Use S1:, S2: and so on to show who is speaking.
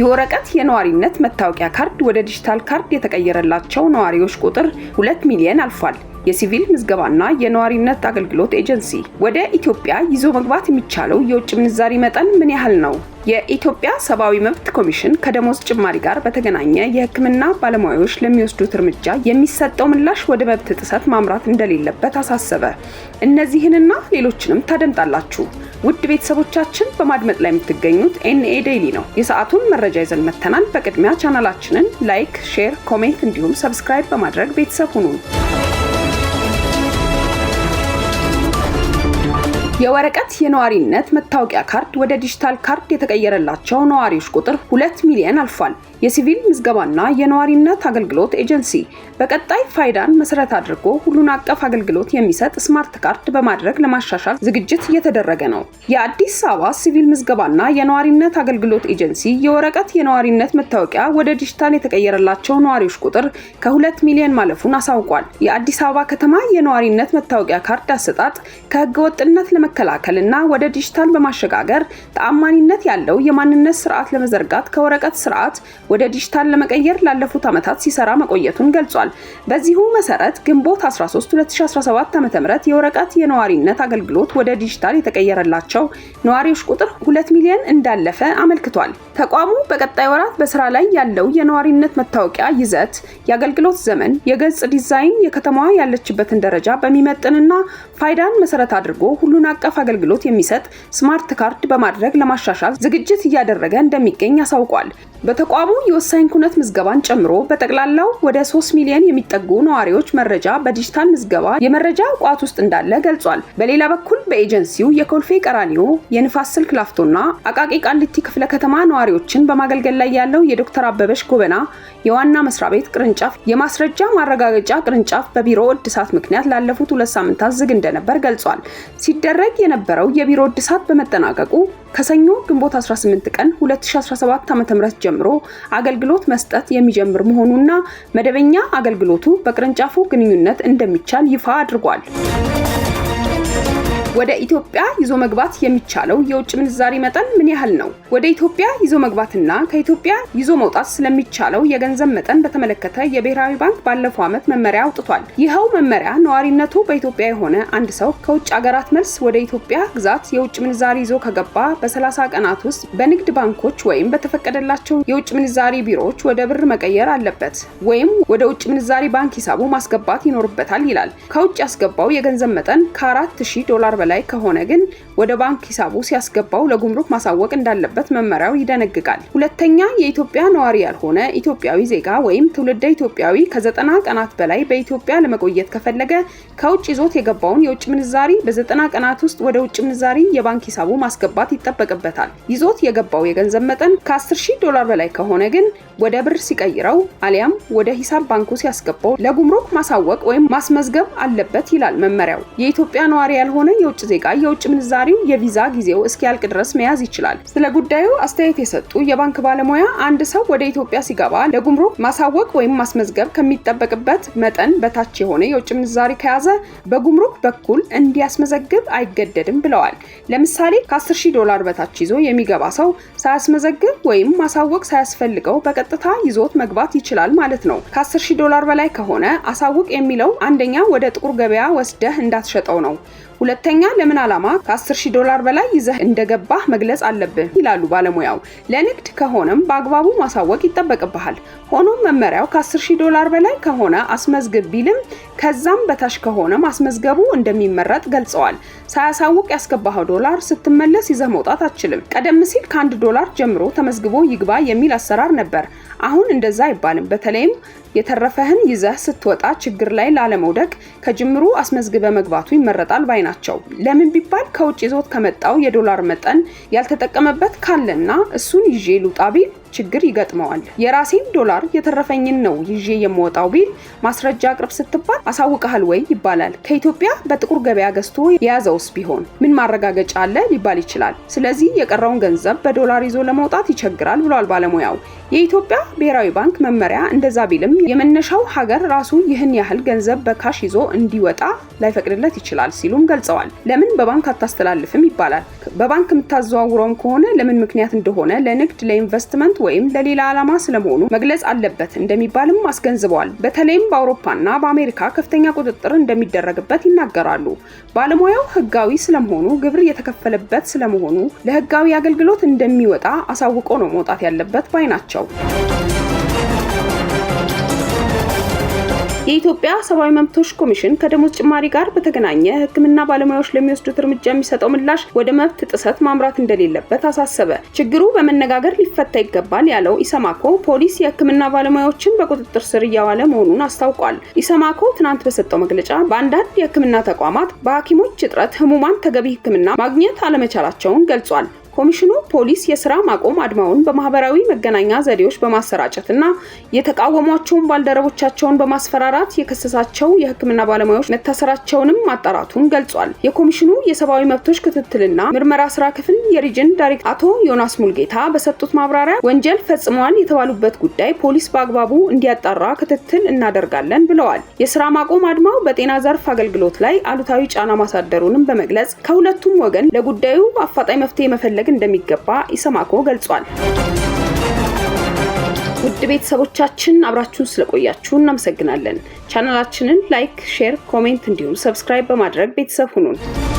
S1: የወረቀት የነዋሪነት መታወቂያ ካርድ ወደ ዲጂታል ካርድ የተቀየረላቸው ነዋሪዎች ቁጥር 2 ሚሊዮን አልፏል። የሲቪል ምዝገባና የነዋሪነት አገልግሎት ኤጀንሲ ወደ ኢትዮጵያ ይዞ መግባት የሚቻለው የውጭ ምንዛሪ መጠን ምን ያህል ነው? የኢትዮጵያ ሰብአዊ መብት ኮሚሽን ከደሞዝ ጭማሪ ጋር በተገናኘ የሕክምና ባለሙያዎች ለሚወስዱት እርምጃ የሚሰጠው ምላሽ ወደ መብት ጥሰት ማምራት እንደሌለበት አሳሰበ። እነዚህንና ሌሎችንም ታደምጣላችሁ። ውድ ቤተሰቦቻችን በማድመጥ ላይ የምትገኙት ኤንኤ ዴይሊ ነው። የሰዓቱን መረጃ ይዘን መተናል። በቅድሚያ ቻናላችንን ላይክ፣ ሼር፣ ኮሜንት እንዲሁም ሰብስክራይብ በማድረግ ቤተሰብ ሁኑን። የወረቀት የነዋሪነት መታወቂያ ካርድ ወደ ዲጂታል ካርድ የተቀየረላቸው ነዋሪዎች ቁጥር ሁለት ሚሊዮን አልፏል። የሲቪል ምዝገባና የነዋሪነት አገልግሎት ኤጀንሲ በቀጣይ ፋይዳን መሰረት አድርጎ ሁሉን አቀፍ አገልግሎት የሚሰጥ ስማርት ካርድ በማድረግ ለማሻሻል ዝግጅት እየተደረገ ነው። የአዲስ አበባ ሲቪል ምዝገባና የነዋሪነት አገልግሎት ኤጀንሲ የወረቀት የነዋሪነት መታወቂያ ወደ ዲጂታል የተቀየረላቸው ነዋሪዎች ቁጥር ከሁለት ሚሊዮን ማለፉን አሳውቋል። የአዲስ አበባ ከተማ የነዋሪነት መታወቂያ ካርድ አሰጣጥ ከህገወጥነት ለመ በመከላከልና ወደ ዲጂታል በማሸጋገር ተአማኒነት ያለው የማንነት ስርዓት ለመዘርጋት ከወረቀት ስርዓት ወደ ዲጂታል ለመቀየር ላለፉት ዓመታት ሲሰራ መቆየቱን ገልጿል። በዚሁ መሰረት ግንቦት 13 2017 ዓ.ም የወረቀት የነዋሪነት አገልግሎት ወደ ዲጂታል የተቀየረላቸው ነዋሪዎች ቁጥር 2 ሚሊዮን እንዳለፈ አመልክቷል። ተቋሙ በቀጣይ ወራት በስራ ላይ ያለው የነዋሪነት መታወቂያ ይዘት፣ የአገልግሎት ዘመን፣ የገጽ ዲዛይን፣ የከተማዋ ያለችበትን ደረጃ በሚመጥንና ፋይዳን መሰረት አድርጎ ሁሉን አቀፍ አገልግሎት የሚሰጥ ስማርት ካርድ በማድረግ ለማሻሻል ዝግጅት እያደረገ እንደሚገኝ አሳውቋል። በተቋሙ የወሳኝ ኩነት ምዝገባን ጨምሮ በጠቅላላው ወደ 3 ሚሊዮን የሚጠጉ ነዋሪዎች መረጃ በዲጂታል ምዝገባ የመረጃ እቋት ውስጥ እንዳለ ገልጿል። በሌላ በኩል በኤጀንሲው የኮልፌ ቀራኒዮ፣ የንፋስ ስልክ ላፍቶና አቃቂ ቃሊቲ ክፍለ ከተማ ነዋሪዎችን በማገልገል ላይ ያለው የዶክተር አበበሽ ጎበና የዋና መስሪያ ቤት ቅርንጫፍ የማስረጃ ማረጋገጫ ቅርንጫፍ በቢሮ እድሳት ምክንያት ላለፉት ሁለት ሳምንታት ዝግ እንደነበር ገልጿል። ሲደረግ ሲደረግ የነበረው የቢሮ እድሳት በመጠናቀቁ ከሰኞ ግንቦት 18 ቀን 2017 ዓ.ም ጀምሮ አገልግሎት መስጠት የሚጀምር መሆኑና መደበኛ አገልግሎቱ በቅርንጫፉ ግንኙነት እንደሚቻል ይፋ አድርጓል። ወደ ኢትዮጵያ ይዞ መግባት የሚቻለው የውጭ ምንዛሪ መጠን ምን ያህል ነው? ወደ ኢትዮጵያ ይዞ መግባትና ከኢትዮጵያ ይዞ መውጣት ስለሚቻለው የገንዘብ መጠን በተመለከተ የብሔራዊ ባንክ ባለፈው ዓመት መመሪያ አውጥቷል። ይኸው መመሪያ ነዋሪነቱ በኢትዮጵያ የሆነ አንድ ሰው ከውጭ አገራት መልስ ወደ ኢትዮጵያ ግዛት የውጭ ምንዛሪ ይዞ ከገባ በ30 ቀናት ውስጥ በንግድ ባንኮች ወይም በተፈቀደላቸው የውጭ ምንዛሪ ቢሮዎች ወደ ብር መቀየር አለበት ወይም ወደ ውጭ ምንዛሪ ባንክ ሂሳቡ ማስገባት ይኖርበታል ይላል። ከውጭ ያስገባው የገንዘብ መጠን ከ4000 ዶላር በላይ ከሆነ ግን ወደ ባንክ ሂሳቡ ሲያስገባው ለጉምሩክ ማሳወቅ እንዳለበት መመሪያው ይደነግጋል። ሁለተኛ የኢትዮጵያ ነዋሪ ያልሆነ ኢትዮጵያዊ ዜጋ ወይም ትውልደ ኢትዮጵያዊ ከዘጠና ቀናት በላይ በኢትዮጵያ ለመቆየት ከፈለገ ከውጭ ይዞት የገባውን የውጭ ምንዛሪ በዘጠና ቀናት ውስጥ ወደ ውጭ ምንዛሪ የባንክ ሂሳቡ ማስገባት ይጠበቅበታል። ይዞት የገባው የገንዘብ መጠን ከ10 ሺህ ዶላር በላይ ከሆነ ግን ወደ ብር ሲቀይረው አሊያም ወደ ሂሳብ ባንኩ ሲያስገባው ለጉምሩክ ማሳወቅ ወይም ማስመዝገብ አለበት ይላል መመሪያው። የኢትዮጵያ ነዋሪ ያልሆነ የውጭ ዜጋ የውጭ ምንዛሪው የቪዛ ጊዜው እስኪያልቅ ድረስ መያዝ ይችላል። ስለ ጉዳዩ አስተያየት የሰጡ የባንክ ባለሙያ አንድ ሰው ወደ ኢትዮጵያ ሲገባ ለጉምሩክ ማሳወቅ ወይም ማስመዝገብ ከሚጠበቅበት መጠን በታች የሆነ የውጭ ምንዛሪ ከያዘ በጉምሩክ በኩል እንዲያስመዘግብ አይገደድም ብለዋል። ለምሳሌ ከ10 ሺህ ዶላር በታች ይዞ የሚገባ ሰው ሳያስመዘግብ ወይም ማሳወቅ ሳያስፈልገው በቀጥታ ይዞት መግባት ይችላል ማለት ነው። ከ10 ሺህ ዶላር በላይ ከሆነ አሳውቅ የሚለው አንደኛ ወደ ጥቁር ገበያ ወስደህ እንዳትሸጠው ነው። ሁለተኛ ለምን ዓላማ ከ10 ሺህ ዶላር በላይ ይዘህ እንደገባህ መግለጽ አለብህ ይላሉ ባለሙያው። ለንግድ ከሆነም በአግባቡ ማሳወቅ ይጠበቅብሃል። ሆኖም መመሪያው ከ10 ሺህ ዶላር በላይ ከሆነ አስመዝግብ ቢልም ከዛም በታች ከሆነ ማስመዝገቡ እንደሚመረጥ ገልጸዋል። ሳያሳውቅ ያስገባኸው ዶላር ስትመለስ ይዘህ መውጣት አትችልም። ቀደም ሲል ከአንድ ዶላር ጀምሮ ተመዝግቦ ይግባ የሚል አሰራር ነበር። አሁን እንደዛ አይባልም። በተለይም የተረፈህን ይዘህ ስትወጣ ችግር ላይ ላለመውደቅ ከጅምሩ አስመዝግበ መግባቱ ይመረጣል ባይ ናቸው። ለምን ቢባል ከውጭ ይዞት ከመጣው የዶላር መጠን ያልተጠቀመበት ካለና እሱን ይዤ ሉጣ ቢል ችግር ይገጥመዋል። የራሴን ዶላር የተረፈኝን ነው ይዤ የምወጣው ቢል ማስረጃ አቅርብ ስትባል አሳውቀሃል ወይ ይባላል። ከኢትዮጵያ በጥቁር ገበያ ገዝቶ የያዘውስ ቢሆን ምን ማረጋገጫ አለ ሊባል ይችላል። ስለዚህ የቀረውን ገንዘብ በዶላር ይዞ ለመውጣት ይቸግራል ብሏል ባለሙያው። የኢትዮጵያ ብሔራዊ ባንክ መመሪያ እንደዛ ቢልም የመነሻው ሀገር ራሱ ይህን ያህል ገንዘብ በካሽ ይዞ እንዲወጣ ላይፈቅድለት ይችላል ሲሉም ገልጸዋል። ለምን በባንክ አታስተላልፍም ይባላል። በባንክ የምታዘዋውረውም ከሆነ ለምን ምክንያት እንደሆነ ለንግድ፣ ለኢንቨስትመንት ወይም ለሌላ ዓላማ ስለመሆኑ መግለጽ አለበት እንደሚባልም አስገንዝበዋል። በተለይም በአውሮፓና በአሜሪካ ከፍተኛ ቁጥጥር እንደሚደረግበት ይናገራሉ። ባለሙያው ህጋዊ ስለመሆኑ፣ ግብር የተከፈለበት ስለመሆኑ፣ ለህጋዊ አገልግሎት እንደሚወጣ አሳውቆ ነው መውጣት ያለበት ባይ ናቸው። የኢትዮጵያ ሰብአዊ መብቶች ኮሚሽን ከደሞዝ ጭማሪ ጋር በተገናኘ ሕክምና ባለሙያዎች ለሚወስዱት እርምጃ የሚሰጠው ምላሽ ወደ መብት ጥሰት ማምራት እንደሌለበት አሳሰበ። ችግሩ በመነጋገር ሊፈታ ይገባል ያለው ኢሰማኮ ፖሊስ የሕክምና ባለሙያዎችን በቁጥጥር ስር እያዋለ መሆኑን አስታውቋል። ኢሰማኮ ትናንት በሰጠው መግለጫ በአንዳንድ የሕክምና ተቋማት በሐኪሞች እጥረት ህሙማን ተገቢ ሕክምና ማግኘት አለመቻላቸውን ገልጿል። ኮሚሽኑ ፖሊስ የስራ ማቆም አድማውን በማህበራዊ መገናኛ ዘዴዎች በማሰራጨትና የተቃወሟቸውን ባልደረቦቻቸውን በማስፈራራት የከሰሳቸው የሕክምና ባለሙያዎች መታሰራቸውንም ማጣራቱን ገልጿል። የኮሚሽኑ የሰብአዊ መብቶች ክትትልና ምርመራ ስራ ክፍል የሪጅን ዳይሬክተር አቶ ዮናስ ሙልጌታ በሰጡት ማብራሪያ ወንጀል ፈጽመዋል የተባሉበት ጉዳይ ፖሊስ በአግባቡ እንዲያጣራ ክትትል እናደርጋለን ብለዋል። የስራ ማቆም አድማው በጤና ዘርፍ አገልግሎት ላይ አሉታዊ ጫና ማሳደሩንም በመግለጽ ከሁለቱም ወገን ለጉዳዩ አፋጣኝ መፍትሄ መፈለግ መፈለግ እንደሚገባ ኢሰማኮ ገልጿል። ውድ ቤተሰቦቻችን አብራችሁን ስለቆያችሁ እናመሰግናለን። ቻናላችንን ላይክ፣ ሼር፣ ኮሜንት እንዲሁም ሰብስክራይብ በማድረግ ቤተሰብ ሁኑን።